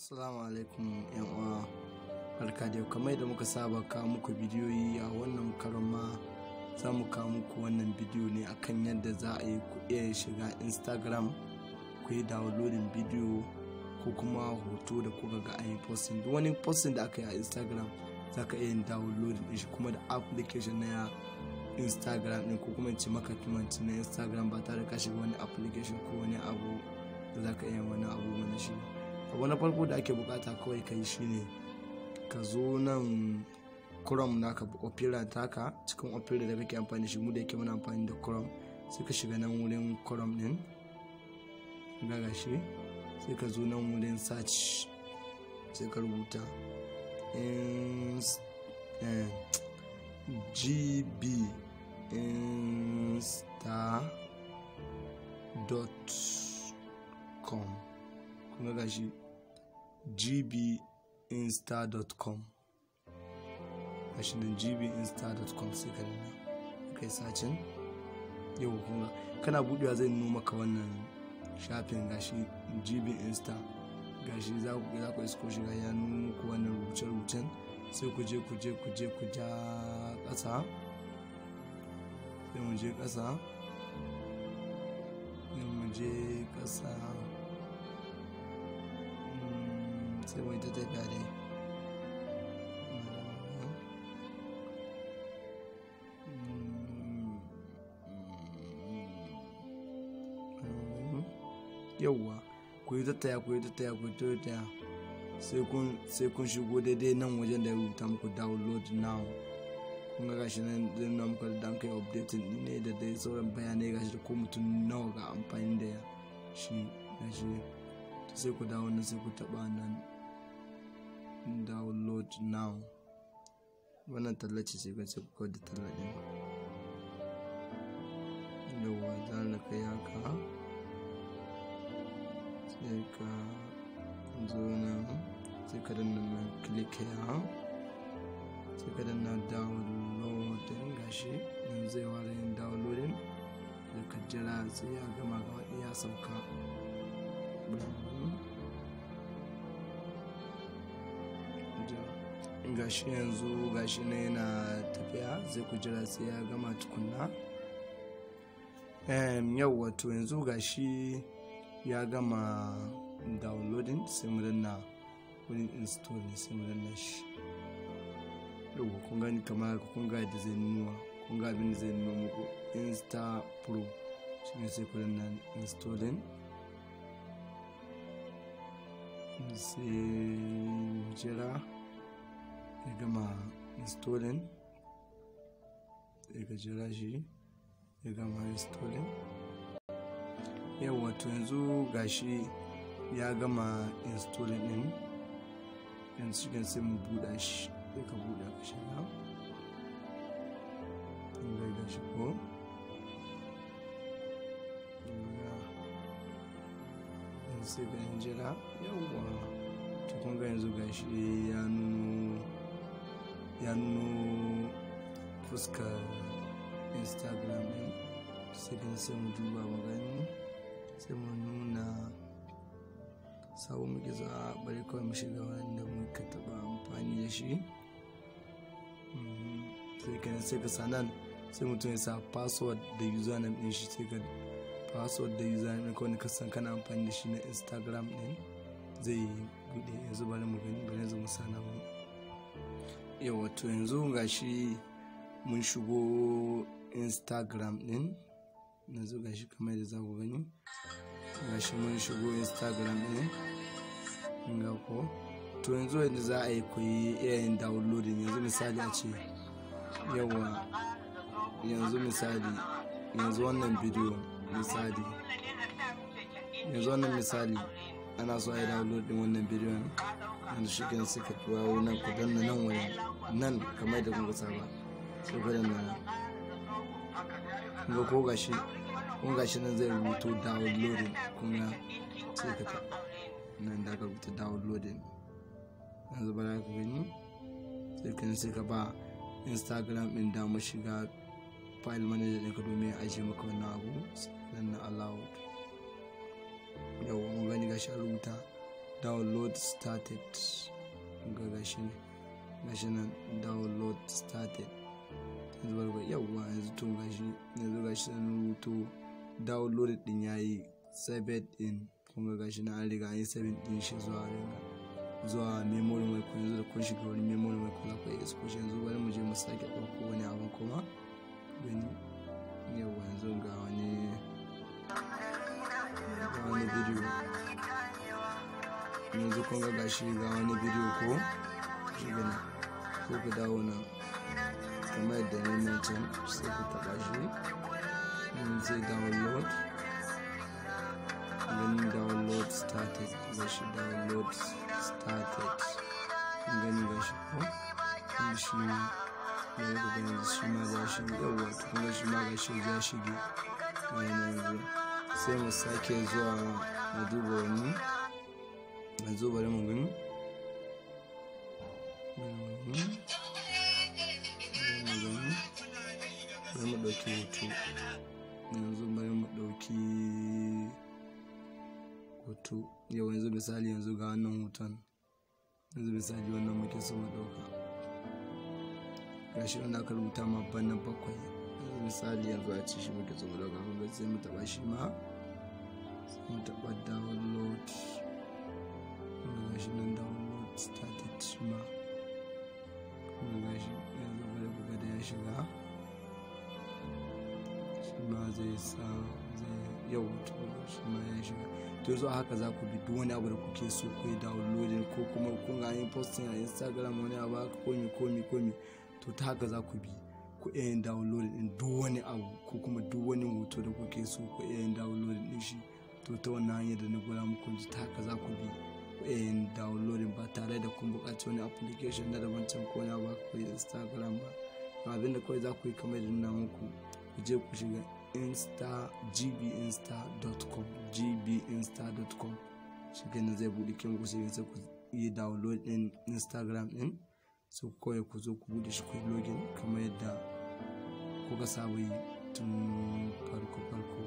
Assalamu alaikum uwa barka da kamar da muka saba kawo muku bidiyoyi a wannan karon ma za mu kawo muku wannan bidiyo ne akan yadda za a yi ku iya shiga instagram ku yi downloading bidiyo ko kuma hoto da kuka ga a yi posting duk wani posting da aka yi a instagram za ka iya yin downloading shi kuma da application na ya instagram ne ko kuma ce maka kimanci na instagram ba tare da ka shiga wani application ko wani abu da za ka iya wani abu wani shi ba abu na farko da ake bukata kawai kai shine ka zo nan chrome naka opera taka cikin opera da kake amfani shi mu da yake muna amfani da kuram sai ka shiga nan wurin kuram din gaga shi sai ka zo nan wurin search sai ka rubuta eh, gb insta.com kuma gashi gbinsta.com gashi nan gbinsta.com sai ka nuna kai sacin yau kuma kana buɗewa zai nuna maka wannan shafin gashi gbinsta gashi za ku isko shiga ya nuna ku wannan rubuce-rubucen sai ku je ku je ku je ku ja ƙasa sai mu je ƙasa sai mu je ƙasa se voi dedicare yauwa ku yi tattaya ku yi tattaya ku yi tattaya sai kun shigo daidai nan wajen da ya rubuta muku download now kun ga gashi nan zai nuna muku da kai updating din ne da dai sauran bayanai gashi ko mutum nawa ga amfani da shi gashi sai ku dawo nan sai ku taba nan download now wannan tallace ce ga da tallafin yawa za na kai haka sai ka zo nan sai ka danna na click here sai ka gashi nan zai ware yin downloading ka jira sai ya gama iya sauka gashi yanzu gashi na yana tafiya zai ku jira sai ya gama tukunna yau wato yanzu gashi ya gama downloading sai mu danna wurin install ne sai mu danna shi yau kun gani kamar kun ga da zai nuna kun ga abin da zai nuna muku insta pro shi ne sai ku danna installing sai jira ya gama installing daga jira shi ya gama installing yawa to yanzu gashi ya gama installing din yanzu cikin sai mu buɗa shi ya ka buɗa ka na inda gashi ko sai ga jira yawa to kun ga yanzu gashi ya nuno ya nuno fuskar instagram ɗin sai da sai mu duba mu gani sai mu nuna sabon muke za a bari kawai mu shiga wanda muka taba amfani da shi mm-hmm. sai ka sai ka sanan sai mutum ya sa password da username ɗin shi sai ka password da username ɗin kawai ka san kana amfani da shi na instagram ɗin zai buɗe ya bari mu gani bari yanzu mu sana mu yawa to yanzu shi mun shigo instagram din yanzu shi kamar da za ku gani shi mun shigo instagram din ga ko to yanzu yadda za a yi koyi yayin downloading yanzu misali a ce yawa yanzu misali yanzu wannan bidiyo misali yanzu wannan misali ana so a yi download wannan bidiyon wanda shi kan suka tuwawo nan ku danna nan wani nan kamar da kuka saba sai ku danna nan ko gashi kun gashi nan zai rubuto downloading kuma sai ka ta nan da ka rubuta downloading yanzu ba za ka gani sai kan sai ka ba instagram din mu shiga file manager ka domin ajiye maka wannan abu sannan allow yau mun gashi a rubuta download started ga gashi national download started yanzu barba yawwa yanzu to gashi yanzu gashi nan rubuto download din yayi saved in kuma gashi na an riga an yi saved din shi zuwa zuwa memory mai kun yanzu da kun shiga wani memory mai kun akwai exposure yanzu bari mu je mu sake ɗauko wani abu kuma gani yawwa yanzu ga wani wani bidiyo yanzu kun ga gashi ga wani bidiyo ko shiga na ko ku dawo nan kamar yadda na mention sai ku taba shi zai download ganin download started gashi download started gani gashi ko shi ne ya ga ganin shi ma gashi yawa kuma shi ma gashi ya shige bayan yanzu sai mu sake zuwa mu duba wani yanzu bari mu gani bari mu ɗauki hoto yanzu bari mu ɗauki hoto yau yanzu misali yanzu ga wannan hoton yanzu misali wannan muke so mu ɗauka gashi wanda aka rubuta ma bana bakwai misali yanzu a ce shi muke tsoro mu ɗauka sai mu taɓa shi ma sai mu taɓa download kuma ga shi nan download started shi ma kuma ga shi yanzu bari da buga da ya shiga shi ma zai sa zai yau to shi ma ya shiga to yanzu haka za ku bi duk wani abu da kuke so ku yi downloading ko kuma kun ga yin posting a instagram wani abu haka komi komi komi to ta haka za ku bi ku iya download din duk wani abu ko kuma duk wani hoto da kuke so ku iya download din shi to ta wannan hanyar da na gwada muku ji ta haka za ku bi ku iya ba tare da kun buƙaci wani application na daban can ko na ba ku instagram ba abin da kawai za ku yi kamar da na muku ku je ku shiga insta gbinsta.com gbinsta.com shi kenan zai buɗe kin ku shiga sai yi download din instagram din su kawai ku zo ku buɗe shi ku login kamar yadda kuka saba yi tun farko farko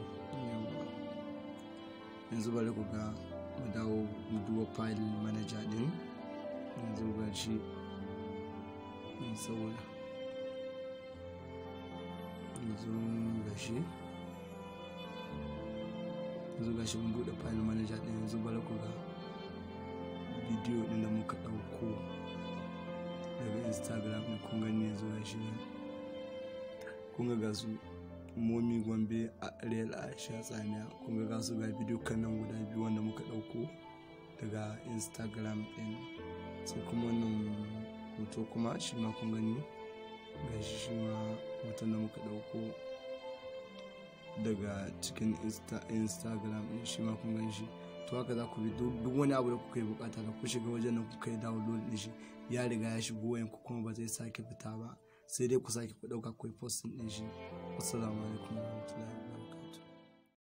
yanzu bari ku ga mu dawo mu duba file manager din yanzu ga shi saboda yanzu ga shi yanzu ga shi mun bude file manager din yanzu bari ku ga bidiyo din da muka dauko daga instagram kun gani yanzu ga shi ne kuma ga su momi gombe a real aisha tsamiya kuma ga su ga bidiyo nan guda biyu wanda muka dauko daga instagram din sai kuma wannan hoto kuma shi ma kun gani ga shi shi ma hoton da muka dauko daga cikin instagram din shi ma kun gani shi to haka za ku bi duk wani abu da kuka yi bukata da ku shiga wajen da kuka yi download din shi ya riga ya shigo wayan ku kuma ba zai sake fita ba sai dai ku sake ku ɗauka ku yi postin ɗin shi assalamu alaikum wa wabarakatuh